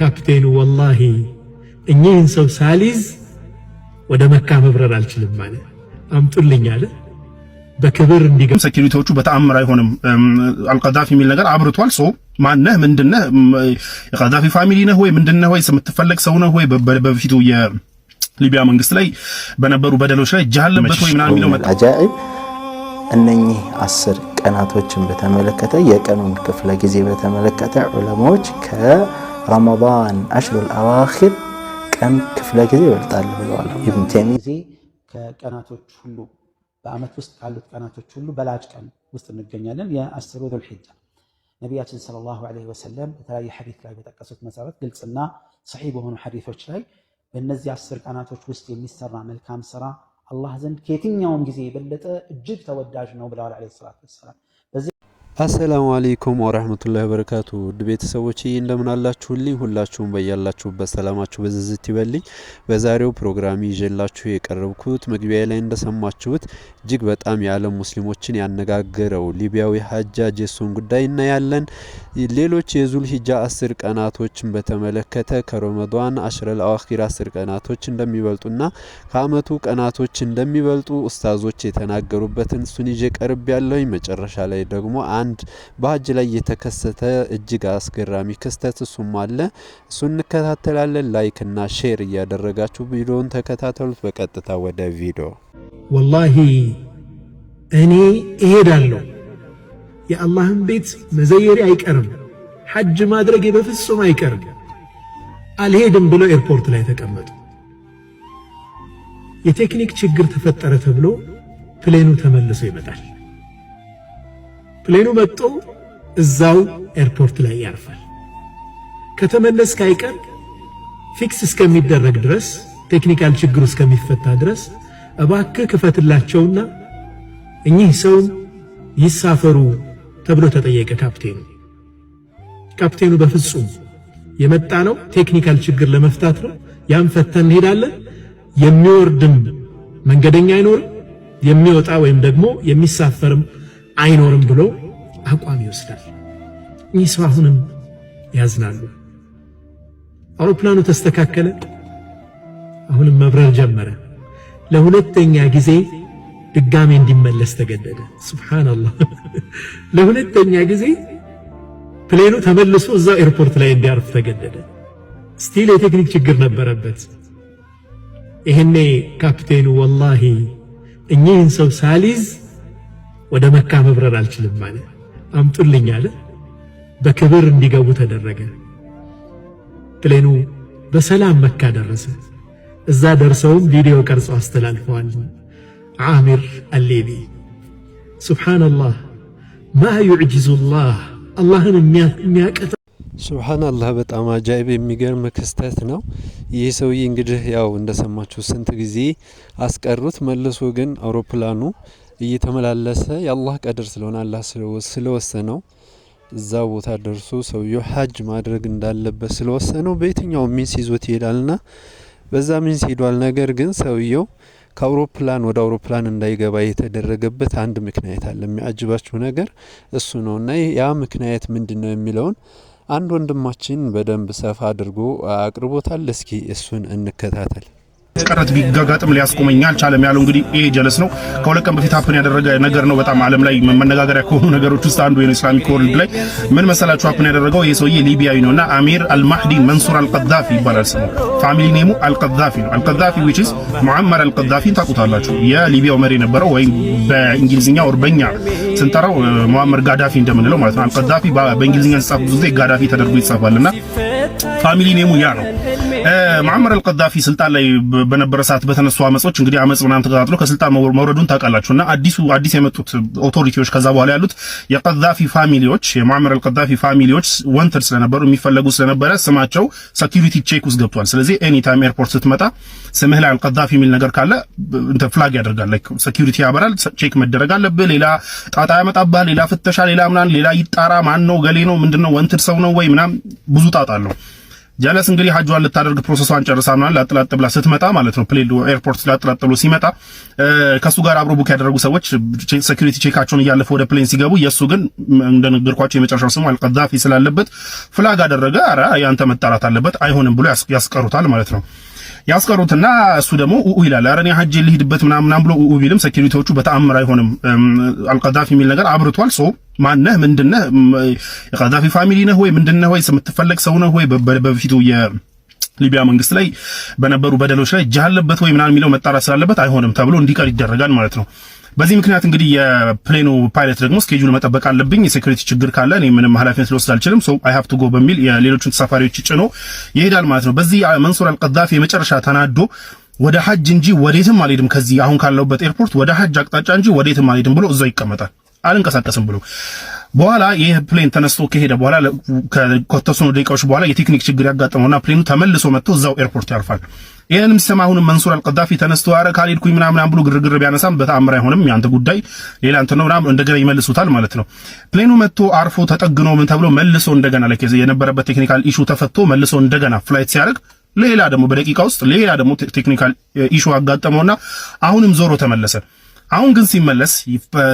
ካፕቴኑ ወላሂ እኚህን ሰው ሳሊዝ ወደ መካ መብረር አልችልም ማለት አምጡልኝ አለ። በክብር እንዲገ ሴኪሪቲዎቹ በተአምር አይሆንም። አልቀዳፊ የሚል ነገር አብርቷል። ሰው ማነህ? ምንድነህ? የቀዳፊ ፋሚሊ ነህ ወይ ምንድነህ? ወይ የምትፈለግ ሰው ነህ ወይ? በፊቱ የሊቢያ መንግስት ላይ በነበሩ በደሎች ላይ እጅህ አለበት ወይ ምናምን የሚለው መጣ። አጃኢብ እነኚህ አስር ቀናቶችን በተመለከተ የቀኑን ክፍለ ጊዜ በተመለከተ ዑለማዎች ከ ረመዳን አሽሩል አዋኺር ቀን ክፍለ ጊዜ ይበልጣል ብለዋል ኢብን ተይሚያ። ጊዜ ከቀናቶች ሁሉ በዓመት ውስጥ ካሉት ቀናቶች ሁሉ በላጭ ቀን ውስጥ እንገኛለን። የአስሩ ዙልሒጃ ነቢያችን ሰለላሁ ዐለይሂ ወሰለም በተለያየ ሐዲስ ላይ በጠቀሱት መሰረት ግልጽና ሰሒ በሆኑ ሐዲሶች ላይ በእነዚህ አስር ቀናቶች ውስጥ የሚሰራ መልካም ስራ አላህ ዘንድ ከየትኛውም ጊዜ የበለጠ እጅግ ተወዳጅ ነው ብለዋል ዐለይሂ ሰላቱ ወሰላም። አሰላሙ አሌይኩም ወረህመቱላሂ ወበረካቱ ውድ ቤተሰቦች እንደምን አላችሁልኝ? ሁላችሁም በያላችሁበት ሰላማችሁ በዝዝት ይበልኝ። በዛሬው ፕሮግራም ይዤላችሁ የቀረብኩት መግቢያ ላይ እንደሰማችሁት እጅግ በጣም የዓለም ሙስሊሞችን ያነጋገረው ሊቢያዊ ሀጃጅ የሱን ጉዳይ እናያለን። ሌሎች የዙል ሂጃ አስር ቀናቶችን በተመለከተ ከረመዷን አሽረል አዋኪር አስር ቀናቶች እንደሚበልጡና ከአመቱ ቀናቶች እንደሚበልጡ ኡስታዞች የተናገሩበትን እሱን ይዤ ቀርብ ያለሁኝ። መጨረሻ ላይ ደግሞ አንድ በሀጅ ላይ የተከሰተ እጅግ አስገራሚ ክስተት እሱም አለ። እሱ እንከታተላለን። ላይክ ላይክና ሼር እያደረጋችሁ ቪዲዮውን ተከታተሉት። በቀጥታ ወደ ቪዲዮ ወላሂ እኔ እሄዳለሁ የአላህን ቤት መዘየሪ አይቀርም፣ ሐጅ ማድረጌ በፍጹም አይቀርም፣ አልሄድም ብለው ኤርፖርት ላይ ተቀመጡ። የቴክኒክ ችግር ተፈጠረ ተብሎ ፕሌኑ ተመልሶ ይመጣል። ፕሌኑ መጥቶ እዛው ኤርፖርት ላይ ያርፋል። ከተመለስ ካይቀር ፊክስ እስከሚደረግ ድረስ ቴክኒካል ችግሩ እስከሚፈታ ድረስ እባክህ ክፈትላቸውና እኚህ ሰውን ይሳፈሩ ተብሎ ተጠየቀ ካፕቴኑ። ካፕቴኑ በፍጹም የመጣ ነው ቴክኒካል ችግር ለመፍታት ነው፣ ያን ፈተን እንሄዳለን። የሚወርድም መንገደኛ አይኖርም፣ የሚወጣ ወይም ደግሞ የሚሳፈርም አይኖርም ብሎ አቋም ይወስዳል። እኚህ ሰው አሁንም ያዝናሉ። አውሮፕላኑ ተስተካከለ። አሁንም መብረር ጀመረ ለሁለተኛ ጊዜ ድጋሜ እንዲመለስ ተገደደ። ሱብሃንአላህ ለሁለተኛ ጊዜ ፕሌኑ ተመልሶ እዛው ኤርፖርት ላይ እንዲያርፍ ተገደደ። ስቲል የቴክኒክ ችግር ነበረበት። ይህኔ ካፕቴኑ ወላሂ እኚህን ሰው ሳሊዝ ወደ መካ መብረር አልችልም ማለት አምጡልኝ አለ። በክብር እንዲገቡ ተደረገ። ፕሌኑ በሰላም መካ ደረሰ። እዛ ደርሰውም ቪዲዮ ቀርጾ አስተላልፈዋል። ዓሚር አሌቢ ሱብሓነላህ ማ ዩዕጅዙላህ አላህን የሚያቀጥ ሱብሓነላህ በጣም አጃይብ የሚገርም ክስተት ነው። ይህ ሰውዬ እንግዲህ ያው እንደሰማችሁ ስንት ጊዜ አስቀሩት፣ መልሶ ግን አውሮፕላኑ እየተመላለሰ የአላህ ቀድር ስለሆነ አላህ ስለወሰነው እዛ ቦታ ደርሶ ሰውየው ሀጅ ማድረግ እንዳለበት ስለወሰነው በየትኛው ሚንስ ይዞት ይሄዳልና በዛ ሚንስ ሄዷል። ነገር ግን ሰውየው ከአውሮፕላን ወደ አውሮፕላን እንዳይገባ የተደረገበት አንድ ምክንያት አለ። የሚያጅባችሁ ነገር እሱ ነው እና ያ ምክንያት ምንድን ነው የሚለውን አንድ ወንድማችን በደንብ ሰፋ አድርጎ አቅርቦታል። እስኪ እሱን እንከታተል። ቅረት ቢጋጋጥም ሊያስቆመኝ አልቻለም ያለው እንግዲህ ይሄ ጀለስ ነው። ከሁለት ቀን በፊት ሀፕን ያደረገ ነገር ነው። በጣም ዓለም ላይ መነጋገሪያ ከሆኑ ነገሮች ውስጥ አንዱ ነው። ኢስላሚክ ወርልድ ላይ ምን መሰላችሁ ሀፕን ያደረገው ይሄ ሰውዬ ሊቢያዊ ነውና አሚር አልማህዲ መንሱር አልቀዳፊ ይባላል ስሙ። ፋሚሊ ኔሙ አልቀዳፊ ነው። አልቀዳፊ which is ሙዓመር አልቀዳፊ ታውቁታላችሁ። የሊቢያው መሪ ነበረው ወይም በእንግሊዝኛ ወር በእኛ ስንጠራው ሙአመር ጋዳፊ እንደምንለው ማለት ነው። አልቀዳፊ በእንግሊዝኛ ሲጻፍ ብዙ ጊዜ ጋዳፊ ተደርጎ ይጻፋልና ፋሚሊ ኔሙ ያ ነው። ማዕመር አልቀዳፊ ስልጣን ላይ በነበረ ሰዓት በተነሱ አመጾች እንግዲህ አመጽ ምናምን ተቀጣጥሎ ከስልጣን መውረዱን ታውቃላችሁ። እና አዲሱ አዲስ የመጡት ኦቶሪቲዎች ከዛ በኋላ ያሉት የቀዳፊ ፋሚሊዎች የማዕመር አልቀዳፊ ፋሚሊዎች ወንትድ ስለነበሩ የሚፈለጉ ስለነበረ ስማቸው ሴኩሪቲ ቼክ ውስጥ ገብቷል። ስለዚህ ታይም ኤርፖርት ስትመጣ ስምህ ላይ አልቀዳፊ የሚል ነገር ካለ እንተ ፍላግ ያደርጋል። ላይክ ሴኩሪቲ ያበራል። ቼክ መደረግ አለብህ። ሌላ ጣጣ ያመጣብሃል። ሌላ ፍተሻ፣ ሌላ ምናምን፣ ሌላ ይጣራ። ማን ነው ገሌ ነው ምንድነው ወንትድ ሰው ነው ወይ ምናምን ብዙ ጣጣ አለው። ጀለስ እንግዲህ ሀጇን ልታደርግ ፕሮሰሷን ጨርሳ ምናምን ላጥላጥ ብላ ስትመጣ ማለት ነው ፕሌሉ ኤርፖርት ላጥላጥ ብሎ ሲመጣ ከሱ ጋር አብሮ ቡክ ያደረጉ ሰዎች ሴኩሪቲ ቼካቸውን እያለፈ ወደ ፕሌን ሲገቡ የእሱ ግን እንደነገርኳቸው የመጨረሻው ስሙ አልቀዛፊ ስላለበት ፍላግ አደረገ። አረ ያንተ መጣራት አለበት አይሆንም ብሎ ያስቀሩታል ማለት ነው። ያስቀሩትና እሱ ደግሞ ኡኡ ይላል። አረ እኔ ሀጅ ልሂድበት ምናምን ብሎ ኡኡ ቢልም ሴኩሪቲዎቹ በተአምር አይሆንም አልቀዛፊ የሚል ነገር አብርቷል ሰው ማነህ? ምንድነህ? የቀዛፊ ፋሚሊ ነህ ወይ ምንድነህ? ወይ የምትፈለግ ሰው ነህ ወይ? በፊቱ የሊቢያ መንግስት ላይ በነበሩ በደሎች ላይ እጅ አለበት ወይ ምናምን የሚለው መጣራት ስላለበት አይሆንም ተብሎ እንዲቀር ይደረጋል ማለት ነው። በዚህ ምክንያት እንግዲህ የፕሌኑ ፓይለት ደግሞ ስኬጁል መጠበቅ አለብኝ፣ የሴኩሪቲ ችግር ካለ እኔ ምንም ኃላፊነት ልወስድ አልችልም፣ ሶ አይ ሃቭ ቱ ጎ በሚል የሌሎቹን ተሳፋሪዎች ጭኖ ይሄዳል ማለት ነው። በዚህ መንሱር አልቀዛፊ የመጨረሻ ተናዶ ወደ ሐጅ እንጂ ወዴትም አልሄድም ከዚህ አሁን ካለሁበት ኤርፖርት ወደ ሐጅ አቅጣጫ እንጂ ወዴትም አልሄድም ብሎ እዛው ይቀመጣል። አልንቀሳቀስም ብሎ በኋላ ይህ ፕሌን ተነስቶ ከሄደ በኋላ ከተወሰኑ ደቂቃዎች በኋላ የቴክኒክ ችግር ያጋጠመውና ፕሌኑ ተመልሶ መጥቶ እዛው ኤርፖርት ያርፋል። ይህንም ሲሰማ አሁንም መንሱር አልቀዳፊ ተነስቶ አረ ካልሄድኩኝ ምናምን ብሎ ግርግር ቢያነሳም በተአምር አይሆንም፣ ያንተ ጉዳይ ሌላ እንትን ነው ምናምን እንደገና ይመልሱታል ማለት ነው። ፕሌኑ መጥቶ አርፎ ተጠግኖ ምን ተብሎ መልሶ እንደገና የነበረበት ቴክኒካል ኢሹ ተፈቶ መልሶ እንደገና ፍላይት ሲያደርግ ሌላ ደግሞ በደቂቃ ውስጥ ሌላ ደግሞ ቴክኒካል ኢሹ አጋጠመውና አሁንም ዞሮ ተመለሰ። አሁን ግን ሲመለስ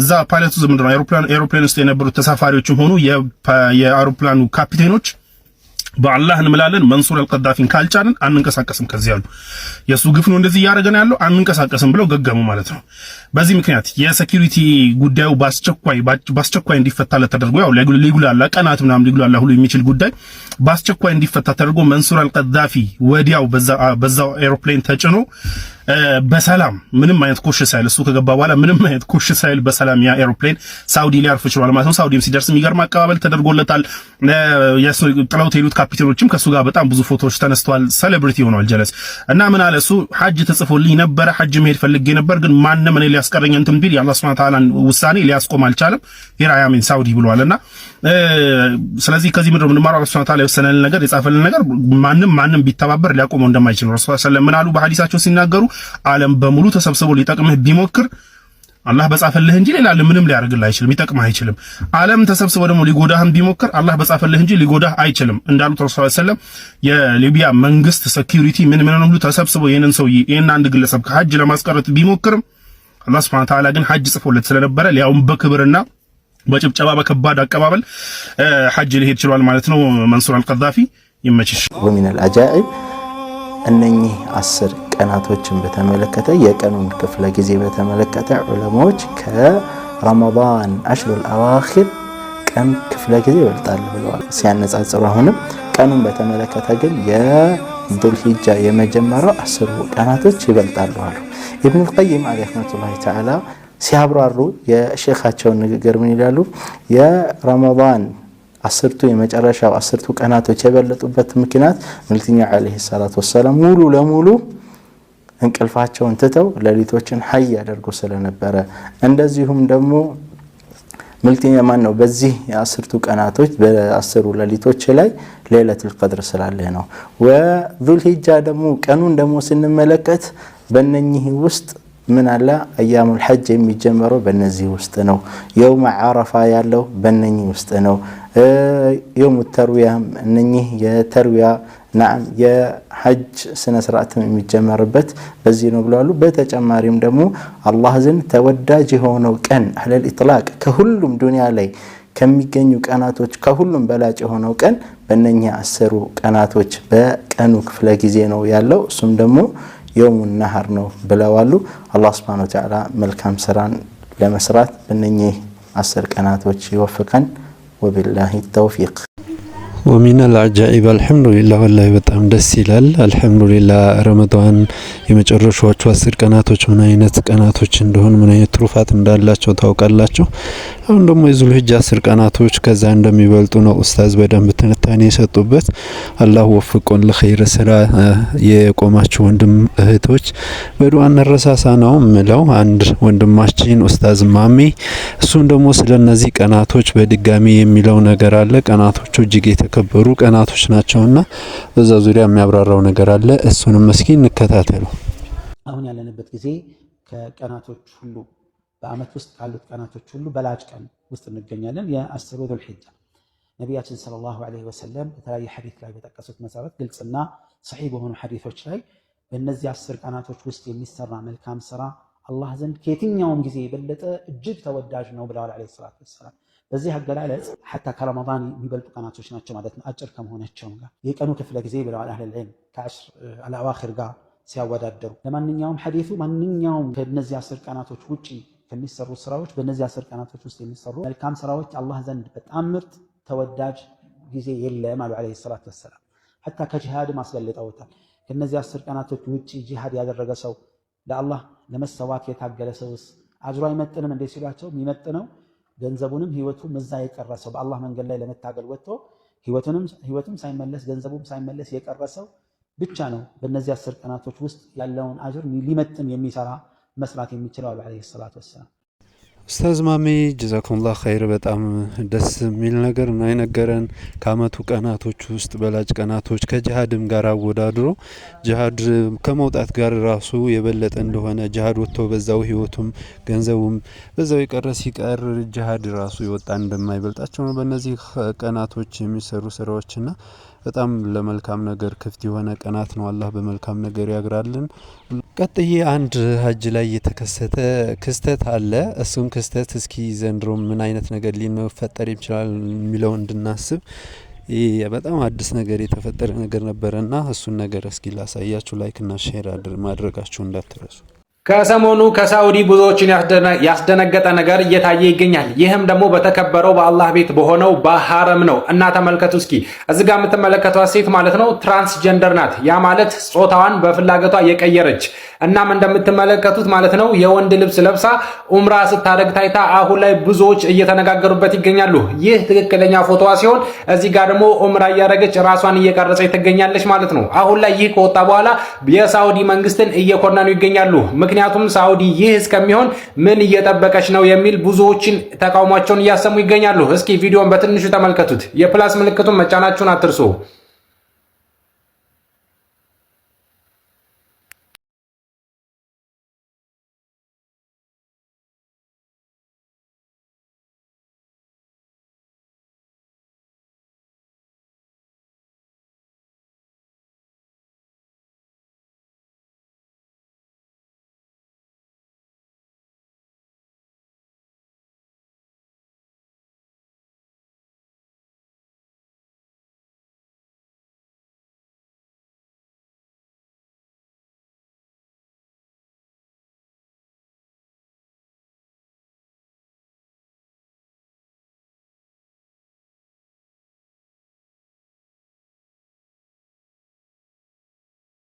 እዛ ፓይለቱ ምንድነው አይሮፕላን ውስጥ የነበሩት ተሳፋሪዎችም ሆኑ የአይሮፕላኑ ካፒቴኖች በአላህ እንምላለን መንሱር አልቀዳፊን ካልጫንን አንንቀሳቀስም፣ ከዚህ አሉ። የእሱ ግፍ ነው እንደዚህ እያደረገን ያለው አንንቀሳቀስም ብለው ገገሙ ማለት ነው። በዚህ ምክንያት የሴኪሪቲ ጉዳዩ በአስቸኳይ በአስቸኳይ እንዲፈታለት ተደርጎ ያው ሊጉላላ ቀናት ምናምን ሊጉላላ ሁሉ የሚችል ጉዳይ በአስቸኳይ እንዲፈታ ተደርጎ መንሱር አልቀዳፊ ወዲያው በዛው አይሮፕላን ተጭኖ በሰላም ምንም አይነት ኮሽ ሳይል እሱ ከገባ በኋላ ምንም አይነት ኮሽ ሳይል በሰላም ያ ኤሮፕሌን ሳውዲ ሊያርፍ ችሏል ማለት ነው። ሳውዲም ሲደርስ የሚገርም አቀባበል ተደርጎለታል። ጥለውት የሄዱት ካፒቴኖችም ከእሱ ጋር በጣም ብዙ ፎቶዎች ተነስተዋል። ሴሌብሪቲ ሆኗል። ጀለስ እና ምን አለ እሱ ሐጅ ተጽፎልኝ ነበረ፣ ሐጅ መሄድ ፈልጌ ነበር፣ ግን ማንም እኔ ሊያስቀረኝ እንትን ቢል የአላህ ሱብሐነሁ ወተዓላን ውሳኔ ሊያስቆም አልቻለም። ሂር አያሚን ሳውዲ ብሏል። እና ስለዚህ ከዚህ ምድር ምንማሩ አላህ ሱብሐነሁ ወተዓላ የወሰነልን ነገር የጻፈልን ነገር ማንም ማንም ቢተባበር ሊያቆመው እንደማይችል ረሱላህ ሰለላሁ ዐለይሂ ወሰለም ምን አሉ በሐዲሳቸው ሲናገሩ ዓለም በሙሉ ተሰብስቦ ሊጠቅምህ ቢሞክር አላህ በጻፈልህ እንጂ ሌላ ምንም ሊያደርግልህ አይችልም፣ ሊጠቅምህ አይችልም። ዓለም ተሰብስቦ ደግሞ ሊጎዳህም ቢሞክር አላህ በጻፈልህ እንጂ ሊጎዳህ አይችልም እንዳሉት ረሱል ሰለም የሊቢያ መንግስት ሴኩሪቲ ምን ምን ሁሉ ተሰብስቦ ይህንን ሰው ይህን አንድ ግለሰብ ከሐጅ ለማስቀረት ቢሞክርም አላህ ስብሐነ ተዓላ ግን ሐጅ ጽፎለት ስለነበረ ሊያውም በክብርና በጭብጨባ በከባድ አቀባበል ሐጅ ሊሄድ ችሏል ማለት ነው። መንሱር አልቀዛፊ ይመችሽ። ወሚነል አጃኢብ እነኚህ አስር ቀናቶችን በተመለከተ የቀኑን ክፍለ ጊዜ በተመለከተ ዑለማዎች ከረመዳን አሽሩል አዋኺር ቀን ክፍለ ጊዜ ይበልጣል ብለዋል ሲያነጻጽሩ። አሁንም ቀኑን በተመለከተ ግን የዙልሂጃ የመጀመሪያው አስሩ ቀናቶች ይበልጣሉ አሉ። ኢብኑል ቀይም ዓለይሂ ረሕመቱላሂ ተዓላ ሲያብራሩ የሼኻቸውን ንግግር ምን ይላሉ? የረመዳን አስርቱ የመጨረሻው አስርቱ ቀናቶች የበለጡበት ምክንያት መልእክተኛው ዓለይሂ ሰላቱ ወሰላም ሙሉ ለሙሉ እንቅልፋቸውን ትተው ሌሊቶችን ሀይ ያደርጉ ስለነበረ እንደዚሁም ደግሞ ምልክተኛ ማን ነው? በዚህ የአስርቱ ቀናቶች በአስሩ ሌሊቶች ላይ ሌለቱል ቀድር ስላለ ነው። ወዙልሂጃ ደግሞ ቀኑን ደግሞ ስንመለከት በነኚህ ውስጥ ምን አለ? አያሙል ሐጅ የሚጀመረው በነዚህ ውስጥ ነው። የውመ ዓረፋ ያለው በነኚህ ውስጥ ነው። የውሙ ተርዊያም እነኚህ የተርዊያ ናም የሐጅ ስነ ስርዓት የሚጀመርበት በዚህ ነው ብለዋሉ። በተጨማሪም ደግሞ አላህ ዘንድ ተወዳጅ የሆነው ቀን አለል ኢጥላቅ ከሁሉም ዱንያ ላይ ከሚገኙ ቀናቶች ከሁሉም በላጭ የሆነው ቀን በእነኛ አስሩ ቀናቶች በቀኑ ክፍለ ጊዜ ነው ያለው። እሱም ደግሞ የውሙ ነሃር ነው ብለዋሉ። አላህ ሱብሓነሁ ወተዓላ መልካም ስራን ለመስራት በእነኚህ አስር ቀናቶች ይወፍቀን። ወቢላሂ ተውፊቅ ومن العجائب الحمد لله والله በጣም ደስ ይላል። አልሐምዱሊላ ረመዳን የመጨረሻዎቹ አስር ቀናቶች ምን አይነት ቀናቶች እንደሆን ምን አይነት ትሩፋት እንዳላቸው ታውቃላችሁ። አሁን ደግሞ የዙል አስር ቀናቶች ከዛ እንደሚበልጡ ነው ኡስታዝ በደንብ ትንታኔ የሰጡበት። አላህ ወፍቆን ለኸይር ስራ የቆማችሁ ወንድም እህቶች በዱዓ እንረሳሳ ነው ምለው። አንድ ወንድማችን ኡስታዝ ማሜ እሱም ደግሞ ስለ እነዚህ ቀናቶች በድጋሚ የሚለው ነገር አለ። ቀናቶቹ እጅግ የተከበሩ ቀናቶች ናቸውና በዛ ዙሪያ የሚያብራራው ነገር አለ። እሱንም እስኪ እንከታተሉ። አሁን ያለንበት ጊዜ ከቀናቶች ሁሉ በአመት ውስጥ ካሉት ቀናቶች ሁሉ በላጭ ቀን ውስጥ እንገኛለን። የአስሩ ዙልሒጃ ነቢያችን ሰለላሁ ዐለይሂ ወሰለም በተለያየ ሐዲት ላይ በጠቀሱት መሰረት ግልጽና ሰሒህ በሆኑ ሐዲቶች ላይ በእነዚህ አስር ቀናቶች ውስጥ የሚሰራ መልካም ስራ አላህ ዘንድ ከየትኛውም ጊዜ የበለጠ እጅግ ተወዳጅ ነው ብለዋል ዐለይሂ ሰላቱ ወሰላም። በዚህ አገላለጽ ሐታ ከረመዳን የሚበልጡ ቀናቶች ናቸው ማለት ነው። አጭር ከመሆናቸው ጋር የቀኑ ክፍለ ጊዜ ብለዋል አህለል ዒልም ከዐሽር አልአዋኺር ጋር ሲያወዳደሩ። ለማንኛውም ሐዲሱ ማንኛውም ከእነዚህ አስር ቀናቶች ውጪ ከሚሰሩ ስራዎች በእነዚህ አስር ቀናቶች ውስጥ የሚሰሩ መልካም ስራዎች አላህ ዘንድ በጣም ምርጥ ተወዳጅ ጊዜ የለም አሉ ዓለይሂ ሰላቱ ወሰላም። ሐታ ከጂሃድም አስበልጠውታል። ከእነዚህ አስር ቀናቶች ውጭ ጂሃድ ያደረገ ሰው ለአላህ ለመሰዋት የታገለ ሰውስ አጅሮ አይመጥንም እንዴ ሲሏቸው የሚመጥነው ገንዘቡንም ህይወቱም እዛ የቀረ ሰው በአላህ መንገድ ላይ ለመታገል ወጥቶ ህይወቱም ሳይመለስ ገንዘቡም ሳይመለስ የቀረ ሰው ብቻ ነው በእነዚህ አስር ቀናቶች ውስጥ ያለውን አጅር ሊመጥን የሚሰራ መስራት የሚችለው አሉ ዓለይሂ ሰላቱ ወሰላም። ኡስታዝ ማሜ ጀዛኩምላ ኸይር በጣም ደስ የሚል ነገር ነው የነገረን። ከአመቱ ቀናቶች ውስጥ በላጭ ቀናቶች ከጅሃድም ጋር አወዳድሮ ጅሃድ ከመውጣት ጋር ራሱ የበለጠ እንደሆነ ጅሃድ ወጥቶ በዛው ህይወቱም ገንዘቡም በዛው የቀረ ሲቀር ጅሃድ ራሱ የወጣ እንደማይበልጣቸው ነው በእነዚህ ቀናቶች የሚሰሩ ስራዎችና በጣም ለመልካም ነገር ክፍት የሆነ ቀናት ነው። አላህ በመልካም ነገር ያግራልን። ቀጥዬ አንድ ሀጅ ላይ የተከሰተ ክስተት አለ። እሱም ክስተት እስኪ ዘንድሮ ምን አይነት ነገር ሊፈጠር ይችላል የሚለው እንድናስብ በጣም አዲስ ነገር የተፈጠረ ነገር ነበረ ነበረና እሱን ነገር እስኪ ላሳያችሁ። ላይክ ላይክና ሼር ማድረጋችሁ እንዳትረሱ። ከሰሞኑ ከሳዑዲ ብዙዎችን ያስደነገጠ ነገር እየታየ ይገኛል። ይህም ደግሞ በተከበረው በአላህ ቤት በሆነው በሐረም ነው እና ተመልከቱ እስኪ እዚ ጋር የምትመለከቷት ሴት ማለት ነው ትራንስጀንደር ናት። ያ ማለት ጾታዋን በፍላጎቷ የቀየረች እናም እንደምትመለከቱት ማለት ነው የወንድ ልብስ ለብሳ ኡምራ ስታደርግ ታይታ አሁን ላይ ብዙዎች እየተነጋገሩበት ይገኛሉ። ይህ ትክክለኛ ፎቶዋ ሲሆን እዚህ ጋር ደግሞ ኡምራ እያደረገች ራሷን እየቀረጸች ትገኛለች ማለት ነው። አሁን ላይ ይህ ከወጣ በኋላ የሳውዲ መንግስትን እየኮነኑ ይገኛሉ። ምክንያቱም ሳውዲ ይህ እስከሚሆን ምን እየጠበቀች ነው የሚል ብዙዎችን ተቃውሟቸውን እያሰሙ ይገኛሉ። እስኪ ቪዲዮን በትንሹ ተመልከቱት። የፕላስ ምልክቱን መጫናችሁን አትርሱ።